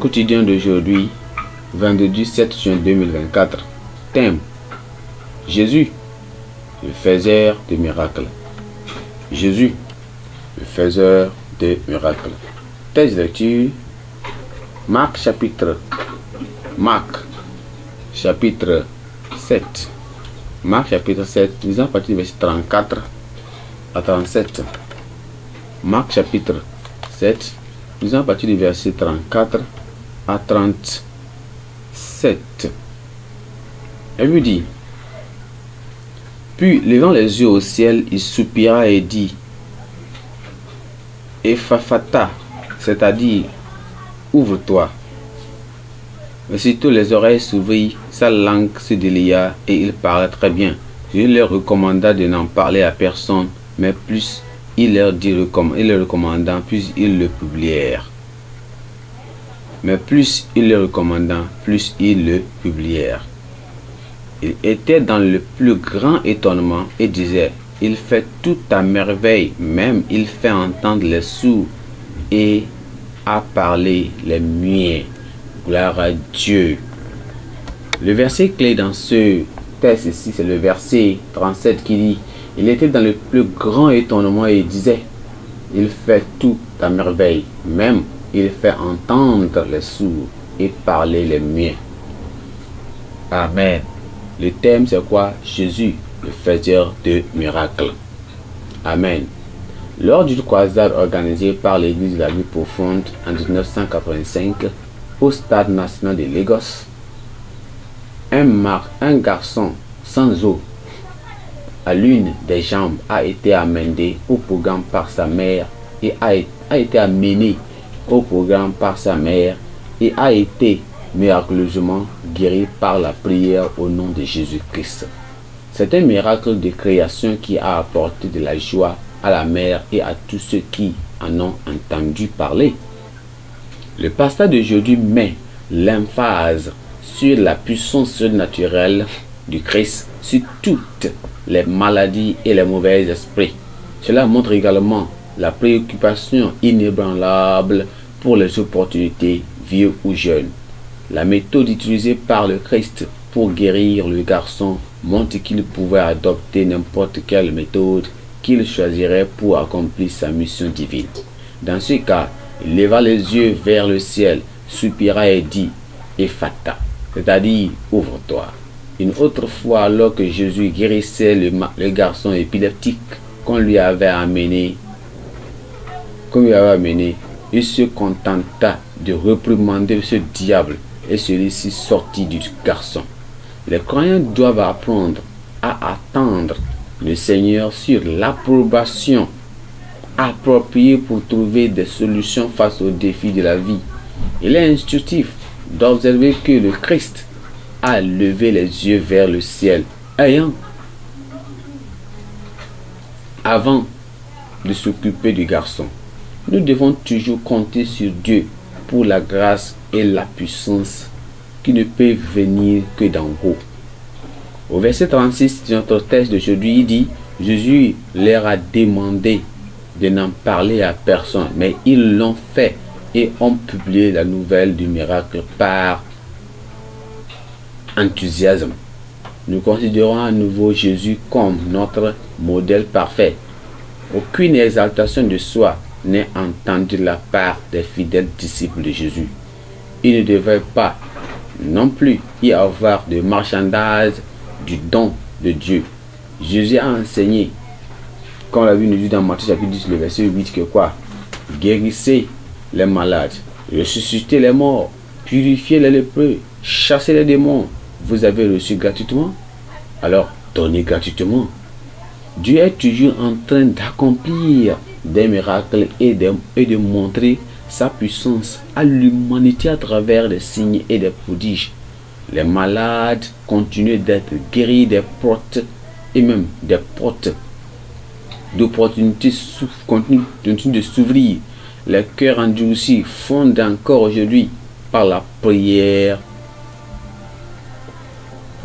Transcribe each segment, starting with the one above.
quotidien d'aujourd'hui, 22 7 juin 2024. Thème Jésus, le faiseur de miracles. Jésus, le faiseur de miracles. Thèse de lecture Marc chapitre Marc chapitre 7. Marc chapitre 7, nous à partir du verset 34 à 37. Marc chapitre 7 nous avons partir du verset 34 à 37. Elle lui dit, puis, levant les yeux au ciel, il soupira et dit, fafata, c'est-à-dire, ouvre-toi. Mais tous les oreilles s'ouvrirent, sa langue se délia et il parla très bien. Je leur recommanda de n'en parler à personne, mais plus il leur dit il le recommandant, plus ils le publièrent. Mais plus il le recommandant, plus ils le publièrent. Il était dans le plus grand étonnement et disait, il fait tout à merveille, même il fait entendre les sourds et à parlé les muets. Gloire à Dieu. Le verset clé dans ce texte ici, c'est le verset 37 qui dit, il était dans le plus grand étonnement et disait, Il fait tout à merveille, même il fait entendre les sourds et parler les miens Amen. Le thème c'est quoi Jésus, le faiseur de miracles. Amen. Lors d'une croisade organisée par l'Église de la vie profonde en 1985 au Stade national de Lagos, un, un garçon sans eau à l'une des jambes a été amendée au programme par sa mère et a, été amenée au programme par sa mère et a été miraculeusement guéri par la prière au nom de Jésus-Christ. C'est un miracle de création qui a apporté de la joie à la mère et à tous ceux qui en ont entendu parler. Le pasteur d'aujourd'hui met l'emphase sur la puissance surnaturelle du Christ, sur toutes les maladies et les mauvais esprits. Cela montre également la préoccupation inébranlable pour les opportunités, vieux ou jeunes. La méthode utilisée par le Christ pour guérir le garçon montre qu'il pouvait adopter n'importe quelle méthode qu'il choisirait pour accomplir sa mission divine. Dans ce cas, il leva les yeux vers le ciel, soupira et dit Ephata, c'est-à-dire ouvre-toi. Une autre fois, alors que Jésus guérissait le, garçon épileptique qu'on lui avait amené, lui avait amené, il se contenta de reprimander ce diable et celui-ci sortit du garçon. Les croyants doivent apprendre à attendre le Seigneur sur l'approbation appropriée pour trouver des solutions face aux défis de la vie. Il est instructif d'observer que le Christ lever les yeux vers le ciel, ayant, avant de s'occuper du garçon, nous devons toujours compter sur Dieu pour la grâce et la puissance qui ne peut venir que d'en haut. Au verset 36 de notre texte d'aujourd'hui, il dit, Jésus leur a demandé de n'en parler à personne, mais ils l'ont fait et ont publié la nouvelle du miracle par enthousiasme. Nous considérons à nouveau Jésus comme notre modèle parfait. Aucune exaltation de soi n'est entendue de la part des fidèles disciples de Jésus. Il ne devait pas non plus y avoir de marchandage du don de Dieu. Jésus a enseigné, comme l'a vu nous dit dans Matthieu chapitre 10, le verset 8, que quoi Guérissez les malades, ressuscitez les morts, purifiez les lépreux, chassez les démons vous avez reçu gratuitement, alors donnez gratuitement. Dieu est toujours en train d'accomplir des miracles et de, montrer sa puissance à l'humanité à travers des signes et des prodiges. Les malades continuent d'être guéris des portes et même des portes d'opportunités continuent de s'ouvrir. Les cœurs endurcis fondent encore aujourd'hui par la prière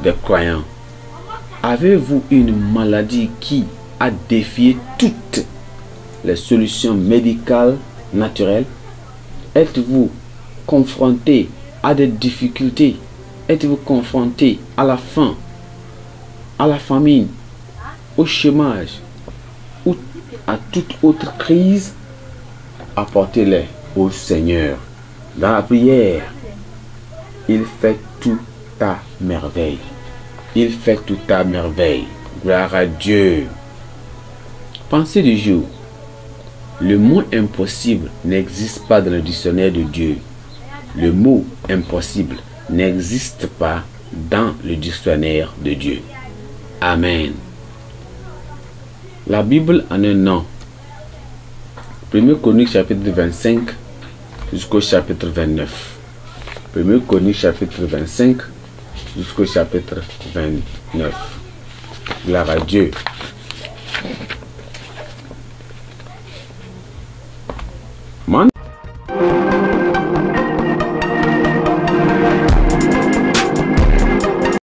des croyants. Avez-vous une maladie qui a défié toutes les solutions médicales naturelles Êtes-vous confronté à des difficultés Êtes-vous confronté à la faim, à la famine, au chômage ou à toute autre crise Apportez-les au Seigneur. Dans la prière, il fait tout merveille. Il fait tout à merveille. Gloire à Dieu. Pensée du jour. Le mot impossible n'existe pas dans le dictionnaire de Dieu. Le mot impossible n'existe pas dans le dictionnaire de Dieu. Amen. La Bible en un an. premier connu chapitre 25 jusqu'au chapitre 29. 1 connu chapitre 25 jusqu'au chapitre 29. Gloire à Dieu.